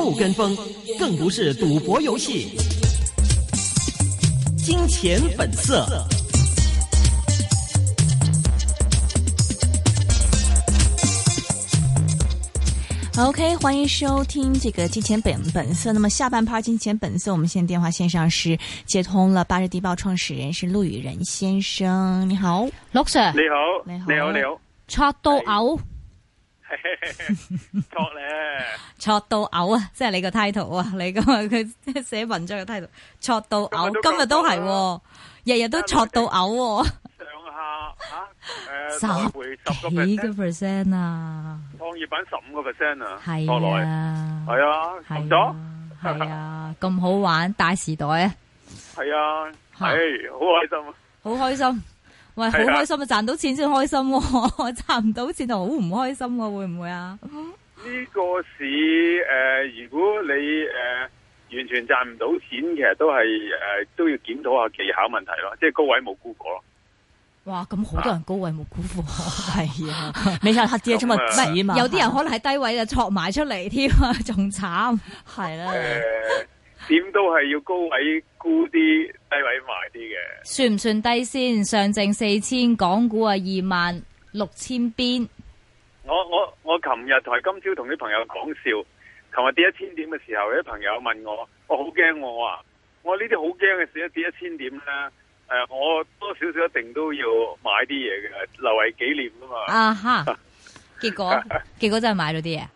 不跟風，更不是賭博遊戲。金錢本色，金錢本色。OK，歡迎收聽這個《金錢本本色》。那麼下半 part《金錢本色》，我們現在電話線上是接通了。巴士的報創始人是陸羽仁先生，你好，陸 Sir，你好，你好，你好，你好，戳到嘔。錯咧，錯到嘔啊！即係你個 title 啊，你個佢寫文章嘅 title，錯到嘔。今日都係，日日都錯到嘔。上下啊，十幾個 percent 啊，創業板十五個 percent 啊，落來，係啊，咁多，係啊，咁好玩，大時代啊，係啊，係，好開心啊，好開心。喂，好開，、啊、開心啊！賺 到錢先開心，我賺唔到錢就好唔開心，會唔會啊？呢、這個市誒、呃，如果你誒、呃、完全賺唔到錢，其實都係誒、呃、都要檢討下技巧問題咯，即係高位冇沽過咯。哇，咁好多人高位冇沽貨，係啊，未查黑啲啊嘛，唔 有啲人可能係低位啊，托埋出嚟添啊，仲、呃、慘，係啦，點都係要高位。估啲低位賣啲嘅，算唔算低先？上證四千，港股啊二萬六千邊？我我我琴日同埋今朝同啲朋友講笑，琴日跌一千點嘅時候，有啲朋友問我，我好驚我啊！我呢啲好驚嘅事，一跌一千點咧，誒、呃，我多少少一定都要買啲嘢嘅，留為紀念噶嘛。啊哈！結果 結果真係買咗啲嘢，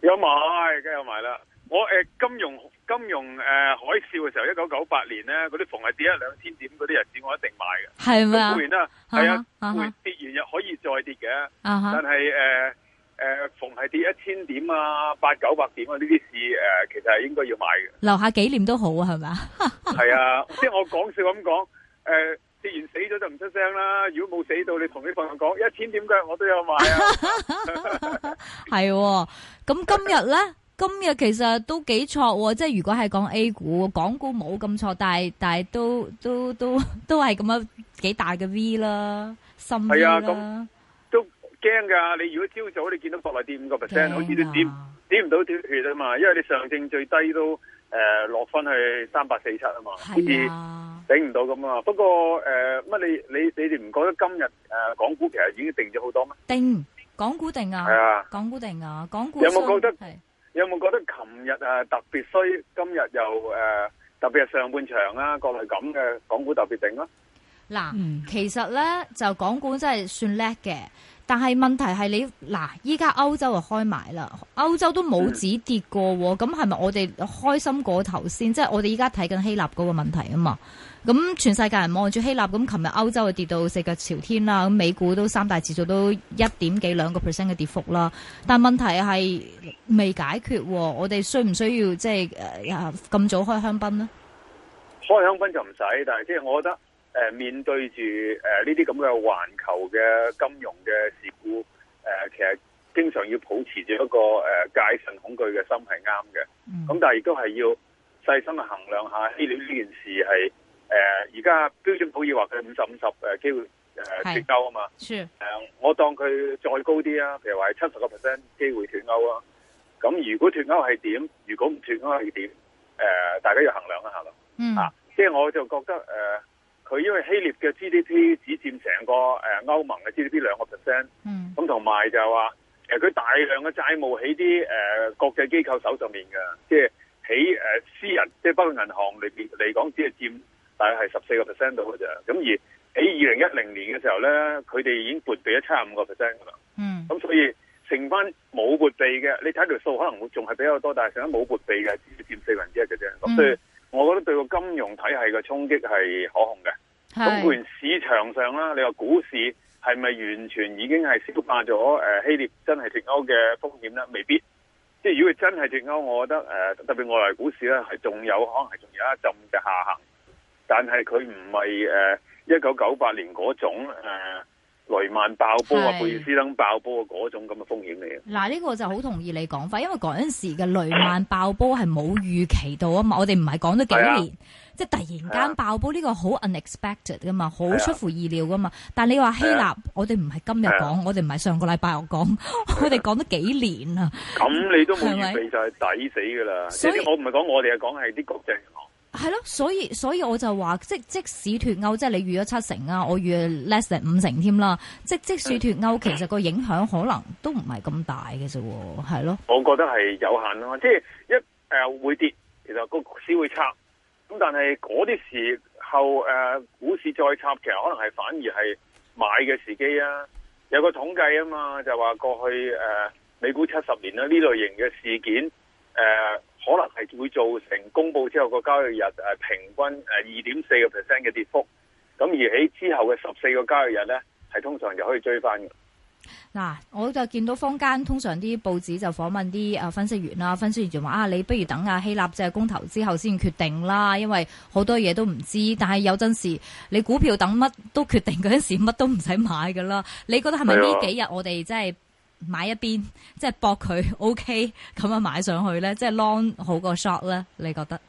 有買，梗有買啦。我誒，金融金融誒、呃、海嘯嘅時候，一九九八年咧，嗰啲逢係跌一兩千點嗰啲日子，我一定買嘅。係嘛，咁固然啦，係、uh -huh, 啊，uh -huh. 跌完又可以再跌嘅。Uh -huh. 但係誒誒，逢係跌一千點啊，八九百點啊，呢啲事誒，其實係應該要買嘅。留下紀念都好 啊，係咪？係啊，即係我講笑咁講。誒，跌完死咗就唔出聲啦。如果冇死到，你同你朋友講，一千點嘅我都有買啊。係、 啊，咁今日咧？ 今日其實都幾錯，即係如果係講 A 股，港股冇咁錯，但係但係都都都都係咁樣幾大嘅 V 啦，深 V 啦啊，咁都驚噶。你如果朝早你見到國內跌五個 percent，好似都點點唔到啲血啊嘛，因為你上證最低都誒、呃、落翻去三百四七啊嘛，好似、啊、頂唔到咁啊。不過誒乜、呃、你你你哋唔覺得今日誒、呃、港股其實已經定咗好多咩？定港股定啊，啊，港股定啊，港股有冇覺得係？有冇覺得琴日啊特別衰，今日又誒特別係上半場啊，國內咁嘅港股特別定咯？嗱，其實咧就港股真係算叻嘅，但係問題係你嗱，依家歐洲啊開埋啦，歐洲都冇止跌過，咁係咪我哋開心過頭先？即係我哋依家睇緊希臘嗰個問題啊嘛？咁全世界人望住希臘，咁琴日歐洲就跌到四腳朝天啦，咁美股都三大指數都一點幾兩個 percent 嘅跌幅啦。但問題係未解決，我哋需唔需要即係咁早開香檳呢？開香檳就唔使，但係即係我覺得誒、呃、面對住誒呢啲咁嘅環球嘅金融嘅事故，誒、呃、其實經常要保持住一個誒戒、呃、慎恐懼嘅心係啱嘅。咁但係亦都係要細心去衡量一下希臘呢件事係。誒、呃，而家標準普爾話佢五十五十誒機會誒脫歐啊嘛，誒、呃、我當佢再高啲啊，譬如話係七十個 percent 機會脫歐啊。咁如果脫歐係點？如果唔脫歐係點？誒、呃，大家要衡量一下咯。嗯，啊，即、就、係、是、我就覺得誒，佢、呃、因為希臘嘅 GDP 只佔成個誒、呃、歐盟嘅 GDP 兩個 percent。嗯。咁同埋就係話，誒、呃、佢大量嘅債務喺啲誒國際機構手上面嘅，即係喺誒私人，即、嗯、係包括銀行裏邊嚟講，只係佔。但係十四個 percent 度嘅啫，咁而喺二零一零年嘅時候咧，佢哋已經撥備咗七十五個 percent 噶啦，嗯，咁所以剩翻冇撥備嘅，你睇條數可能會仲係比較多，但係剩翻冇撥備嘅只佔四分之一嘅啫。咁、嗯、所以我覺得對個金融體系嘅衝擊係可控嘅。咁固然市場上啦，你話股市係咪完全已經係消化咗誒希臘真係脫歐嘅風險咧？未必，即、就、係、是、如果真係脫歐，我覺得誒、呃、特別外來股市咧係仲有可能係仲有一浸嘅下行。但係佢唔係誒一九九八年嗰種誒、呃、雷曼爆波啊，貝斯登爆波啊嗰種咁嘅風險嚟嘅。嗱呢個就好同意你講法，因為嗰陣時嘅雷曼爆波係冇預期到啊嘛，我哋唔係講咗幾年，啊、即係突然間爆波呢、啊呢個好 unexpected 噶嘛，好出乎意料噶嘛。但係你話希臘、啊，我哋唔係今日講、啊，我哋唔係上個禮拜、啊、 我講，我哋講咗幾年啊。咁你都冇預備就係抵死噶啦、啊，所以即我唔係講我哋，係講係啲國際銀行。係咯，所以所以我就話即即，即即使脫歐，即係你預咗七成啊，我預 less than 五成添啦。即即使脫歐，其實個影響可能都唔係咁大嘅啫。係咯，我覺得係有限咯。即係一誒、呃、會跌，其實個股市會插咁，但係嗰啲時候誒、呃、股市再插，其實可能係反而係買嘅時機啊。有個統計啊嘛，就話過去誒、呃、美股七十年啦呢類型嘅事件誒。呃可能係會造成公佈之後，交之後個交易日誒平均誒二點四個 percent 嘅跌幅，咁而喺之後嘅十四個交易日咧，係通常就可以追翻嘅。嗱，我就見到坊間通常啲報紙就訪問啲誒分析員啦，分析員就話：啊，你不如等啊希臘債公投之後先決定啦，因為好多嘢都唔知。但係有陣時，你股票等乜都決定嗰陣時，乜都唔使買㗎啦。你覺得係咪呢幾日我哋即係？買一邊即係搏佢 OK，咁啊買上去咧，即係 long 好過 short 咧？你覺得？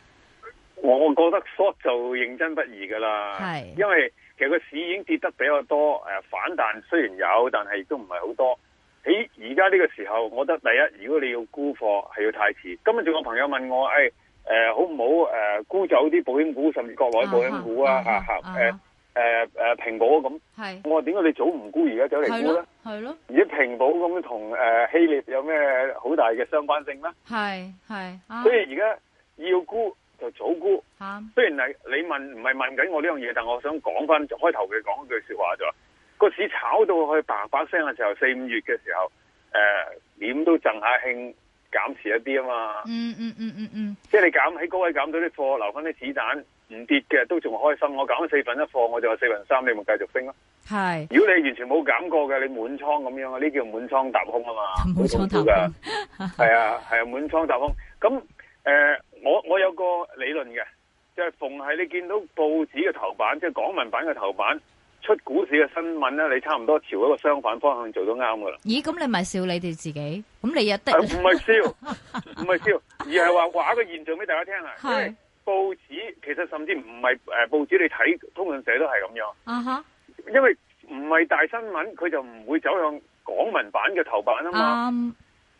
我覺得 short 就認真不易噶啦，係因為其實個市已經跌得比較多，誒反彈雖然有，但係亦都唔係好多。喺而家呢個時候，我覺得第一，如果你要沽貨，係要太遲。今日仲有朋友問我，誒、哎、誒，好唔好誒沽走啲保險股，甚至國內保險股啊，啊，啊，啊？吓、啊、誒。啊誒、呃、誒、呃，平保咁，我話點解你早唔沽而家走嚟沽咧？係咯，而且平保咁同誒希臘有咩好大嘅相關性咧？係係、啊，所以而家要沽就早沽、啊。雖然係你問，唔係問緊我呢樣嘢，但我想講翻開頭佢講句說話就話，個市炒到去叭叭聲嘅時候，四五月嘅時候，誒、呃、點都盡下興，減持一啲啊嘛。嗯嗯嗯嗯嗯。即、嗯、係、嗯嗯就是、你減喺高位減到啲貨，留翻啲子彈。唔跌嘅都仲開心，我減咗四分一貨，我就話四分三，你咪繼續升咯。係，如果你完全冇減過嘅，你滿倉咁樣啊，呢叫滿倉踏空啊嘛，滿倉踏空，係啊係啊，滿倉、啊、踏空。咁誒、呃，我我有個理論嘅，就係、是、逢係你見到報紙嘅頭版，即、就、係、是、港文版嘅頭版出股市嘅新聞咧，你差唔多朝一個相反方向做到啱噶啦。咦？咁你咪笑你哋自己？咁你一定。唔、啊、係笑，唔 係笑，而係話畫個現象俾大家聽啊。係。報紙其實甚至唔係誒，報紙你睇，通訊社都係咁樣。嗯、uh -huh. 因為唔係大新聞，佢就唔會走向港文版嘅頭版啊嘛。Uh -huh.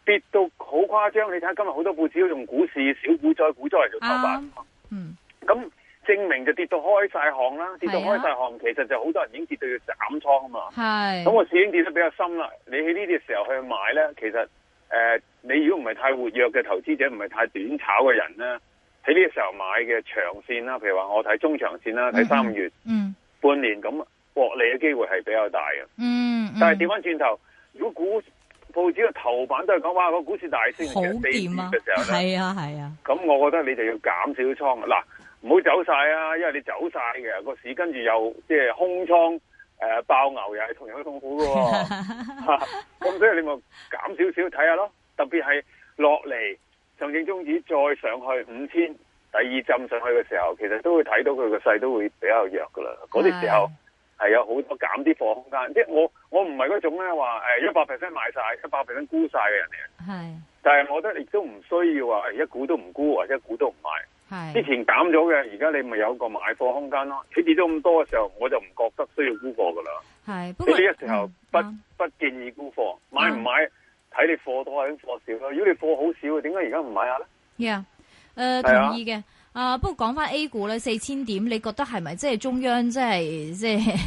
跌到好誇張，你睇下今日好多報紙都用股市，小股災、股災嚟做頭版啊嘛。嗯，咁證明就跌到開晒行啦，跌到開晒行，uh -huh. 其實就好多人已經跌到要斬倉啊嘛。係，咁我已經跌得比較深啦。你喺呢啲嘅時候去買咧，其實誒、呃，你如果唔係太活躍嘅投資者，唔係太短炒嘅人咧。喺呢個時候買嘅長線啦，譬如話我睇中長線啦，睇三個月、半年咁獲、嗯嗯、利嘅機會係比較大嘅、嗯。嗯，但係調翻轉頭，如果股市報紙嘅頭版都係講哇個股市大升，好掂啊！係啊係啊，咁、啊、我覺得你就要減少倉啦，嗱，唔好走晒啊，因為你走晒嘅個市跟住又即係、即係、空倉誒、呃、爆牛又係同樣都痛苦嘅。咁、 啊、所以你咪減少少睇下咯，特別係落嚟。上證綜指再上去五千，第二浸上去嘅時候，其實都會睇到佢個勢都會比較弱噶啦。嗰啲時候係有好多減啲貨空間，即係我我唔係嗰種咧，話誒一百 percent 買晒，一百 percent 沽晒嘅人嚟。係，但係我覺得亦都唔需要話一股都唔沽都唔沽或者一股都唔買。係，之前減咗嘅，而家你咪有一個買貨空間咯。佢跌咗咁多嘅時候，我就唔覺得需要沽貨噶啦。係，呢啲時候不、嗯嗯、不建議沽貨，買唔買？嗯睇你貨多定貨少啦。如果你貨好少，點解而家唔買下咧？呀、yeah, 呃，誒同意嘅，誒、啊呃、不過講翻 A 股咧，四千點，你覺得係咪即係中央即係即係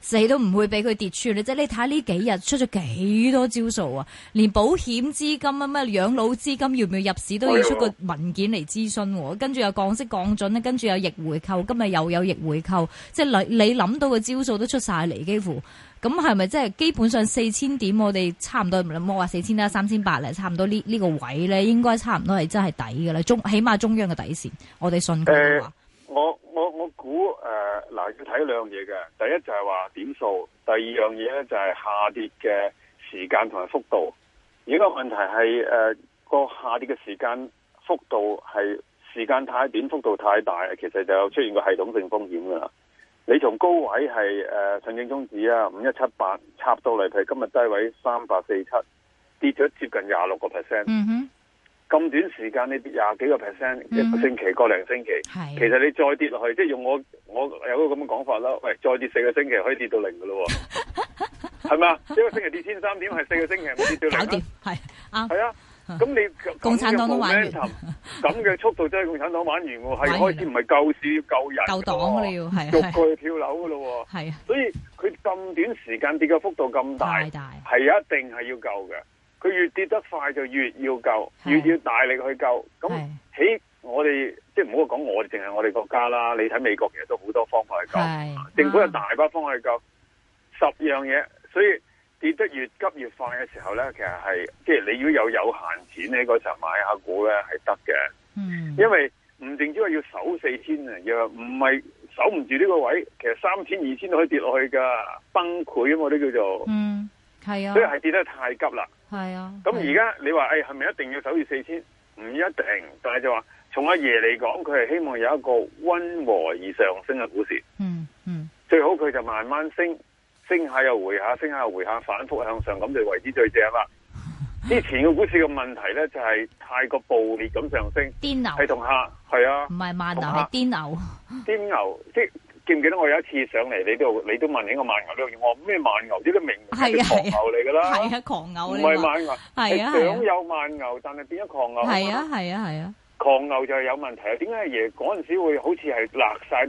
死都唔會俾佢跌穿即、就是、你睇下呢幾日出咗幾多招數啊！連保險資金啊、咩養老資金要唔要入市都要出個文件嚟諮詢、啊，跟住又降息降準咧，跟住又逆回購，今日又有逆回購，即、就、係、是、你諗到嘅招數都出晒嚟，幾乎。咁係咪即係基本上四千點，我哋差唔多唔好話四千啦，三千八啦，差唔多呢呢個位咧，應該差唔多係真係抵噶啦，中起碼中央嘅底線，我哋信佢。呃，我我我估誒，嗱要睇兩樣嘢嘅，第一就係話點數，第二樣嘢咧就係下跌嘅時間同埋幅度。而家個問題係誒個下跌嘅時間幅度係時間太短，點幅度太大，其實就有出現個系統性風險噶啦。你從高位係誒、呃、上證綜指啊，五一七八插到嚟，譬如今日低位三百四七，跌咗接近廿六、嗯、個 percent。嗯哼，咁短時間你跌廿幾個 percent，一個星期、個零星期，係其實你再跌落去，即係用我我有個咁嘅講法啦。喂，再跌四個星期可以跌到零噶咯，係咪啊？一個星期跌千三點，係四個星期跌到零。搞掂係啊。咁你 momentum, 共產黨都玩完咁嘅速度即係共產黨玩完喎，係開始唔係救市要救人，救黨嘅啦要，係啊，逐個跳樓嘅咯喎，係啊，所以佢咁短時間跌嘅幅度咁大，係一定係要救嘅，佢越跌得快就越要救，越要大力去救。咁起，我哋即係唔好講我哋，淨係我哋國家啦，你睇美國其實都好多方法去救，政府有大把方法去救、啊、十樣嘢，所以。跌得越急越快嘅時候咧，其實係即係你如果有有限錢咧，嗰時候買一下股咧係得嘅。嗯，因為唔定，只係要守四千啊，又唔係守唔住呢個位，其實三千二千都可以跌落去噶，崩潰啊嘛，都叫做嗯，係啊，所以係跌得太急啦。係啊，咁而家你話誒係咪一定要守住四千？唔一定，但係就話從阿爺嚟講，佢係希望有一個温和而上升嘅股市。嗯嗯，最好佢就慢慢升。升下又回下，升下又回下，反覆向上咁就為之最正啦。之前嘅股市嘅問題咧，就係、是、太過暴烈咁上升，癲牛係同下？係啊，唔係萬牛，係癲牛，癲牛。即係記唔記得我有一次上嚟你都你都問你個萬牛，你話我咩萬牛？呢個明係狂牛嚟噶啦，係啊，狂牛。唔係萬牛，係啊，想有萬牛，但係變咗狂牛。係啊，係啊，係啊。狂牛就係有問題。點解嘢嗰陣時會好似係辣晒啲誒，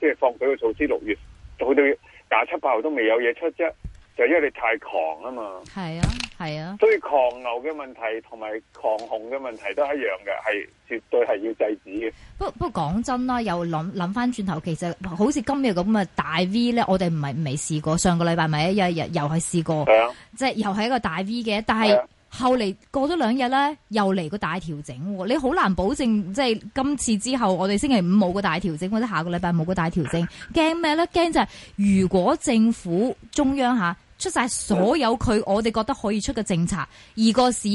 即、呃、係放水嘅措施？六月早啲。廿七八號都未有嘢出啫，就因為你太狂啊嘛。係啊，係啊。所以狂牛嘅問題同埋狂熊嘅問題都係一樣嘅，係絕對係要制止嘅。不不過講真啦，又諗諗翻轉頭，其實好似今日咁嘅大 V 咧，我哋唔係未試過。上個禮拜咪一日又係試過，啊、即係又係一個大 V 嘅，但係、啊。後嚟過咗兩日咧，又嚟個大調整，你好難保證，即係今次之後，我哋星期五冇個大調整，或者下個禮拜冇個大調整。驚咩咧？驚就係如果政府中央吓出晒所有佢，我哋覺得可以出嘅政策，而個市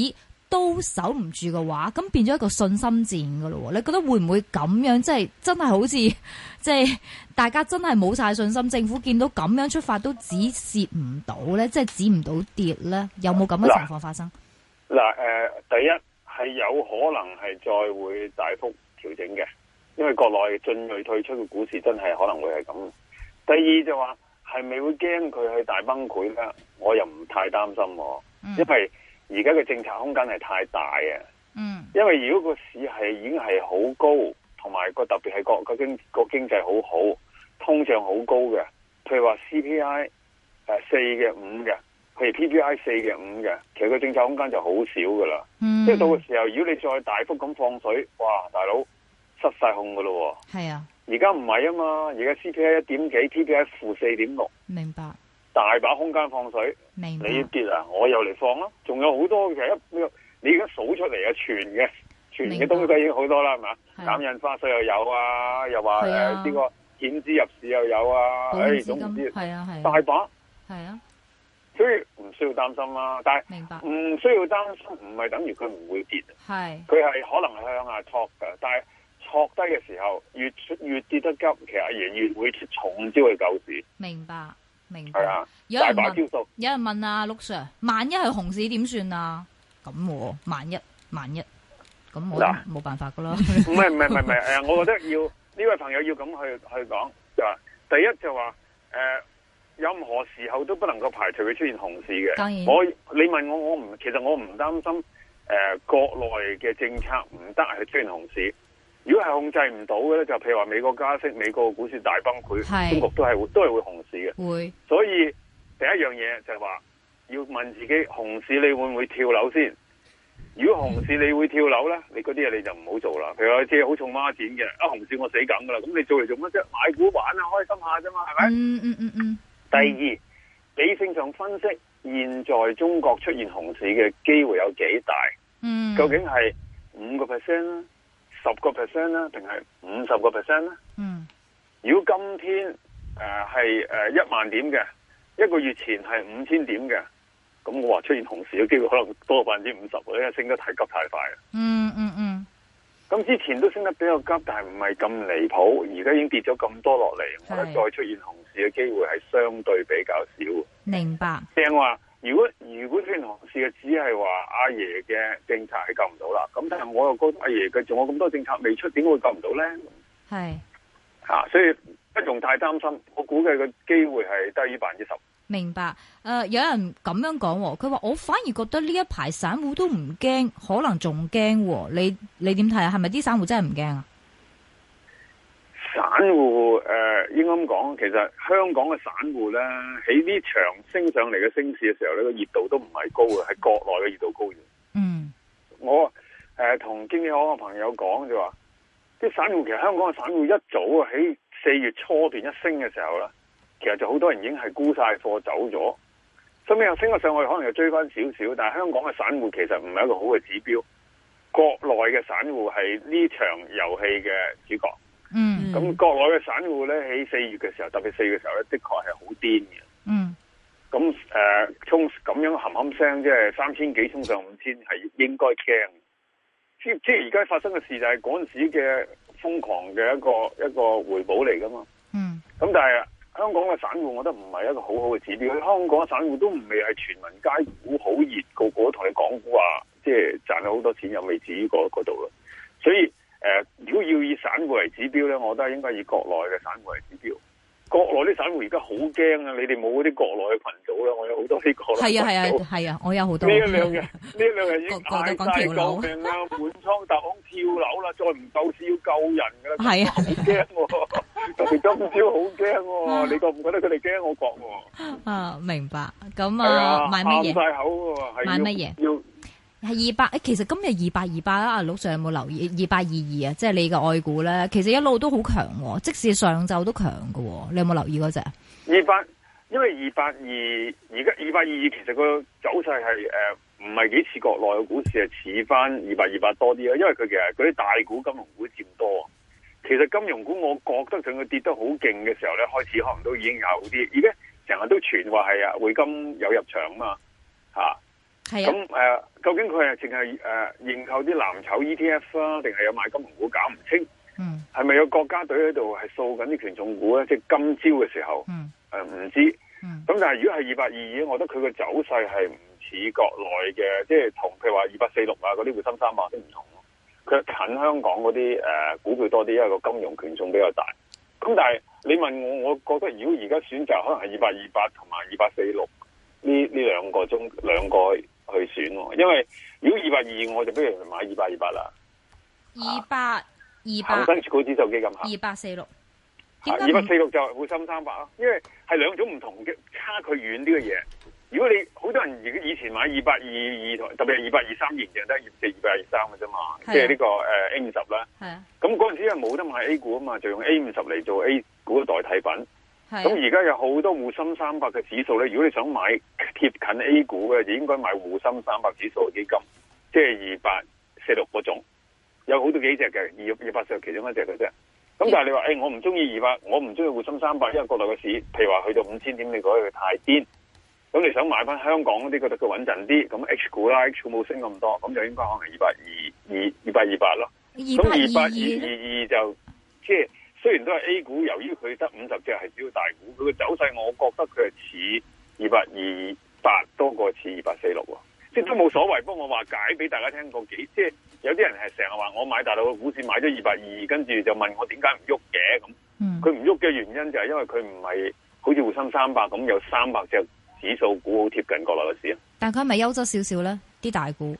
都守唔住嘅話，咁變咗一個信心戰噶咯。你覺得會唔會咁樣？即係真係好似即係大家真係冇晒信心，政府見到咁樣出發都止蝕唔到咧，即係止唔到跌咧？有冇咁嘅情況發生？嗱，誒，第一係有可能係再會大幅調整嘅，因為國內進類退出嘅股市真係可能會係咁。第二就話係咪會驚佢去大崩潰咧？我又唔太擔心，因為而家嘅政策空間係太大嘅。嗯，因為如果個市係已經係好高，同埋個特別係個個經個經濟好好，通脹好高嘅，譬如話 CPI 誒四嘅五嘅。譬如 PPI 四嘅五嘅，其實個政策空間就好少噶啦。即、嗯、係到嘅時候，如果你再大幅咁放水，哇，大佬失晒控噶咯。係啊，而家唔係啊嘛，而家 CPI 一點幾，PPI 負四點六。明白。大把空間放水。明白。你一跌啊，我又嚟放咯。仲有好多其實一你而家數出嚟啊，存嘅存嘅東西已經好多啦，係嘛？減印花稅又有啊，又話誒呢個險資入市又有啊，誒、哎、總之，係啊係、啊，大把。係啊，所以。需要擔心啦、啊，但係唔、嗯、需要擔心，唔係等於佢唔會跌，佢係可能向下戳嘅，但係戳低嘅時候越越跌得急，其實而越，越會重招去救市。明白，明白。係啊，有人問，大把招數，有人問啊，陸 sir，萬一係熊市點算啊？咁，萬一萬一咁，那我冇、呃、辦法噶咯。唔係唔係唔係唔係，誒，我覺得要呢位 朋友要咁去去講就話，第一就話、是、誒。呃任何時候都不能夠排除佢出現熊市嘅。當然。我你問我我唔，其實我唔擔心。誒、呃，國內嘅政策唔得去出現熊市。如果係控制唔到嘅咧，就譬如話美國加息，美國股市大崩潰，中國都係會都係會熊市嘅。會。所以第一樣嘢就係話要問自己，熊市你會唔會跳樓先？如果熊市你會跳樓咧、嗯，你嗰啲嘢你就唔好做啦。譬如我借好重孖展嘅，一、啊、熊市我死梗噶啦。咁你做嚟做乜啫？買股玩啊，開心一下啫嘛，係咪？嗯嗯嗯嗯。嗯第二，理、mm. 性上分析現在中國出現熊市嘅機會有幾大？嗯、mm.，究竟係五個 percent 啦，十個 percent 啦，定係五十個 percent 咧？嗯，mm. 如果今天誒係誒一萬點嘅，一個月前係五千點嘅，咁我話出現熊市嘅機會可能多百分之五十，因為升得太急太快啊。嗯、mm.。咁之前都升得比較急，但係唔係咁離譜，而家已經跌咗咁多落嚟，我覺得再出現熊市嘅機會係相對比較少，明白。正話，如果如果出現熊市嘅，只係話阿爺嘅政策係救唔到啦。咁但係我又覺得阿爺嘅仲有咁多政策未出，點會救唔到咧？係吓、啊，所以不用太擔心。我估計個機會係低於百分之十。明白，誒、呃，有人咁樣講，佢話我反而覺得呢一排散戶都唔驚，可能仲驚，你你點睇啊？係咪啲散戶真係唔驚啊？散戶誒、呃，應該咁講，其實香港嘅散戶咧，喺呢場升上嚟嘅升市嘅時候咧，個熱度都唔係高嘅，係國內嘅熱度高啲。嗯，我誒同、呃、經紀行嘅朋友講就話，啲散戶其實香港嘅散戶一早啊喺四月初段一升嘅時候咧。其實就好多人已經係沽晒貨走咗，後尾又升咗上去，可能又追翻少少。但係香港嘅散戶其實唔係一個好嘅指標，國內嘅散戶係呢場遊戲嘅主角。嗯，咁國內嘅散戶咧喺四月嘅時候，特別四月嘅時候咧，的確係好癲嘅。嗯，咁誒衝咁樣冚冚聲，即係三千幾衝上五千，係應該驚。知唔知而家發生嘅事就係嗰陣時嘅瘋狂嘅一個一個回報嚟噶嘛？嗯，咁但係。香港嘅散戶，我覺得唔係一個好好嘅指標。香港嘅散戶都唔未係全民皆股好熱，個個都同你講話，即係賺咗好多錢，又未至於嗰度咯。所以，誒、呃，如果要以散戶為指標咧，我覺得應該以國內嘅散戶為指標。國內啲散戶而家好驚啊！你哋冇啲國內嘅群組啦，我有好多呢個。係啊係啊係啊，我有好多。呢兩日呢兩日已經嗌晒救命啦，滿倉踏空跳樓啦，再唔救市要救人噶啦。係啊，好驚喎，特別今朝好驚。你覺唔覺得佢哋驚我國？啊，明白。咁啊，買乜嘢？喊晒口喎，係要。買係二百誒，其實今日二百二百啦，阿老尚有冇留意二百二二啊？即係你嘅外股咧，其實一路都好強，即使上晝都強嘅。你有冇留意嗰隻？二百，因為二百二而家二百二二，其實個走勢係誒唔係幾似國內嘅股市，係似翻二百二百多啲啊，因為佢其實嗰啲大股金融股佔多，其實金融股我覺得佢跌得好勁嘅時候咧，開始可能都已經有啲，而家成日都傳話係啊匯金有入場嘛啊嘛吓。咁誒、啊嗯嗯嗯嗯，究竟佢係淨係誒認購啲藍籌 ETF 啦、啊，定係有買金融股？搞唔清，係咪有國家隊喺度係掃緊啲權重股咧？即係今朝嘅時候，誒唔知。咁、嗯嗯嗯嗯、但係如果係二百二嘅，我覺得佢嘅走勢係唔似國內嘅，即係同譬如話二百四六啊嗰啲滬深三百都唔同咯。佢近香港嗰啲誒股票多啲，因為一個金融權重比較大。咁但係你問我，我覺得如果而家選擇可能係二百二八同埋二百四六呢呢兩個中兩個去選喎、啊，因為如果二百二，我就不如買 200, 二百二百啦。二百二八，本身股指手機咁，二百四六。啊、二百四六就係滬深三百咯、啊，因為係兩種唔同嘅，差距遠啲嘅嘢。如果你好多人如果以前買二百二二台，特別係二百二三型，淨得二四二百二三嘅啫嘛，即係呢個誒 A 五十啦。係啊。咁嗰陣時因為冇得買 A 股啊嘛，就用 A 五十嚟做 A 股嘅代替品。咁而家有好多滬深三百嘅指數咧，如果你想買貼近 A 股嘅，就應該買滬深三百指數嘅基金，即係二八四六個種，有好多幾隻嘅，二二八四六其中一隻嘅啫。咁但係你話，誒、欸，我唔中意二八，我唔中意滬深三百，因為國內嘅市，譬如話去到五千點，你覺得佢太癲。咁你想買翻香港嗰啲，覺得佢穩陣啲，咁 H 股啦，H 股冇升咁多，咁就應該可能二八二二二八二八咯。咁二八二二二就即係。就是雖然都係 A 股，由於佢得五十隻係主要大股，佢嘅走勢我覺得佢係似二百二百多過似二百四六，即係都冇所謂。不過我話解俾大家聽過，即係有啲人係成日話我買大陸嘅股市買咗二百二，跟住就問我點解唔喐嘅咁。佢唔喐嘅原因就係因為佢唔係好似滬深三百咁有三百隻指數股好貼近國內嘅市啊。但佢係咪優質少少咧？啲大股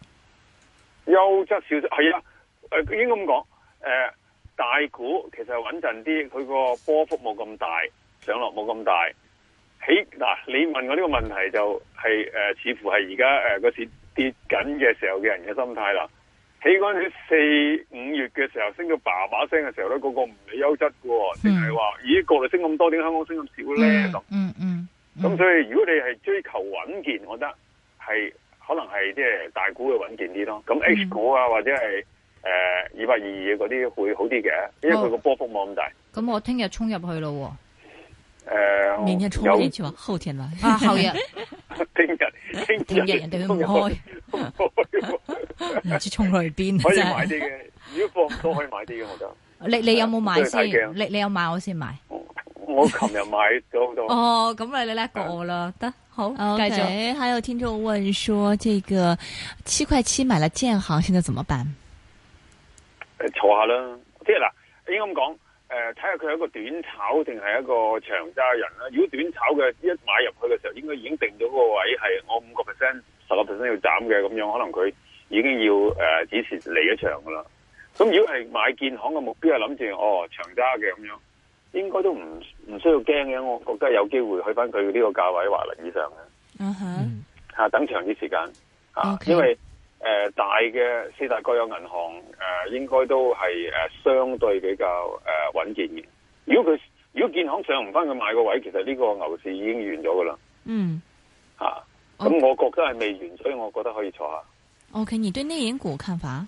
優質少少係啊？誒、呃，應該咁講誒。呃大股其實穩陣啲，佢個波幅冇咁大，上落冇咁大。起嗱、啊，你問我呢個問題就係、是、誒、呃，似乎係而家誒個市跌緊嘅時候嘅人嘅心態啦。起嗰陣四五月嘅時候升到爸爸聲嘅時候咧，嗰、那個唔係優質嘅，淨係話咦國內升咁多，點香港升咁少咧？咁，嗯嗯，咁、嗯嗯、所以如果你係追求穩健，我覺得係可能係即係大股嘅穩健啲咯。咁 H 股啊，或者係。誒，二百二二嗰啲會好啲嘅，因為佢個波幅冇咁大。咁、oh, 我聽日衝入去咯、哦。誒、uh,，明天沖一次，後天啦、啊，後日。聽 日，聽日人哋都唔開。唔知衝去邊可以買啲嘅，如果放都可以買啲嘅，我覺得。你 你，你有冇買先？ 你你有買先我先買。我琴日買咗好多。哦， 咁啊，oh, 嗯嗯、你叻過我啦，得、uh, 好。Okay, OK，還有聽眾問說，這個七塊七買了建行，現在怎麼辦？坐下啦。即係嗱，應該咁講，誒、呃，睇下佢係一個短炒定係一個長揸人啦。如果短炒嘅一買入去嘅時候，應該已經定咗個位係我五個 percent、十個 percent 要斬嘅咁樣，可能佢已經要誒，止蝕嚟一場噶啦。咁如果係買建行嘅目標係諗住哦，長揸嘅咁樣，應該都唔唔需要驚嘅。我覺得有機會去翻佢呢個價位，華能以上嘅。Uh -huh. 嗯哼，吓等長啲時間、okay. 因為。誒、呃，大嘅四大國有銀行誒、呃，應該都係誒、呃、相對比較誒穩、呃、健嘅。如果佢如果建行上唔翻，佢買個位，其實呢個牛市已經完咗噶啦。嗯，吓、啊，咁、okay. 我覺得係未完，所以我覺得可以坐下。O、okay. K，你對內銀股看法？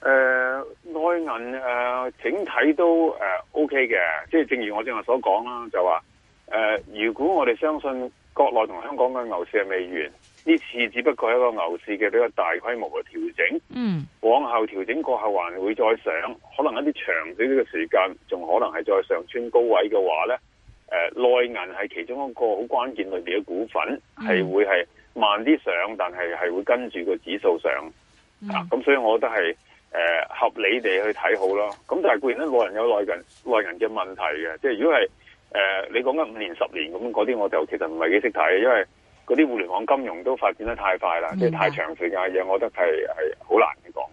誒、呃，內銀誒整體都誒 O K 嘅，即係正如我正話所講啦，就話誒、呃，如果我哋相信國內同香港嘅牛市係未完。呢次只不過係一個牛市嘅比較大規模嘅調整，嗯，往後調整過後還會再上，可能一啲長少少嘅時間，仲可能係再上穿高位嘅話咧，誒，內銀係其中一個好關鍵裏邊嘅股份，係會係慢啲上，但係係會跟住個指數上，啊，咁所以我覺得係誒合理地去睇好咯。咁但係固然咧，內銀有內銀內銀嘅問題嘅，即係如果係誒你講緊五年、十年咁嗰啲，我就其實唔係幾識睇，因為。嗰啲互聯網金融都發展得太快啦，即係太長線嘅嘢，我覺得係係好難講。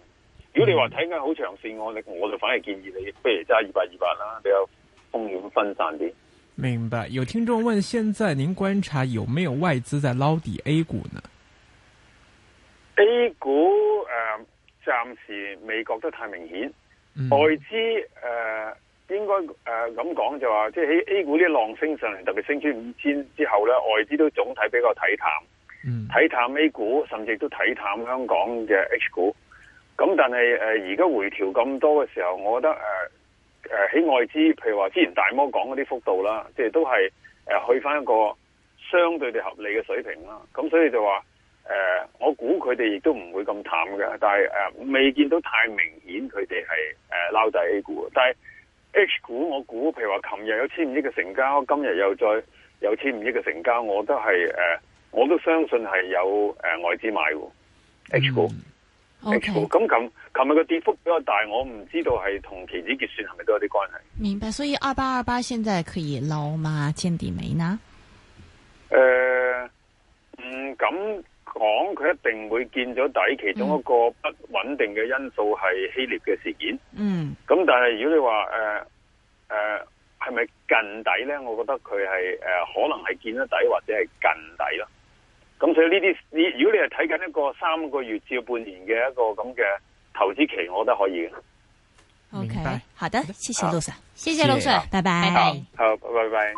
如果你話睇緊好長線，我哋我就反而建議你，不如揸二百二百啦，比較風險分散啲。明白。有聽眾問：現在您觀察有沒有外資在撈底 A 股呢？A 股誒、呃，暫時未覺得太明顯。嗯、外資誒。呃誒、呃，咁講就話，即係喺 A 股啲浪升上嚟，特別升穿五千之後咧，外資都總體比較睇淡，睇淡 A 股，甚至都睇淡香港嘅 H 股。咁但係誒，而、呃、家回調咁多嘅時候，我覺得誒，誒、呃、喺、呃、外資，譬如話之前大摩講嗰啲幅度啦，即係都係誒去翻一個相對嘅合理嘅水平啦。咁所以就話，誒、呃，我估佢哋亦都唔會咁淡嘅，但係誒、呃、未見到太明顯，佢哋係誒撈底 A 股，但係。H 股我估，譬如話，琴日有千五億嘅成交，今日又再有千五億嘅成交，我都係誒、呃，我都相信係有誒、呃、外資買嘅。H 股、嗯、，H 股咁，琴琴日嘅跌幅比較大，我唔知道係同期指結算係咪都有啲關係。明白，所以2828現在可以撈嗎？見底未呢？誒、呃，唔、嗯，咁。講佢一定會見咗底，其中一個不穩定嘅因素係希臘嘅事件。嗯，嗯，咁、嗯、但係如果你話誒誒係咪近底咧？我覺得佢係誒可能係見咗底或者係近底咯。咁所以呢啲，你如果你係睇緊一個三個月至半年嘅一個咁嘅投資期，我覺得可以。OK、嗯嗯、好，好的，謝謝老師、啊，謝謝老師，拜拜。啊、好，拜拜。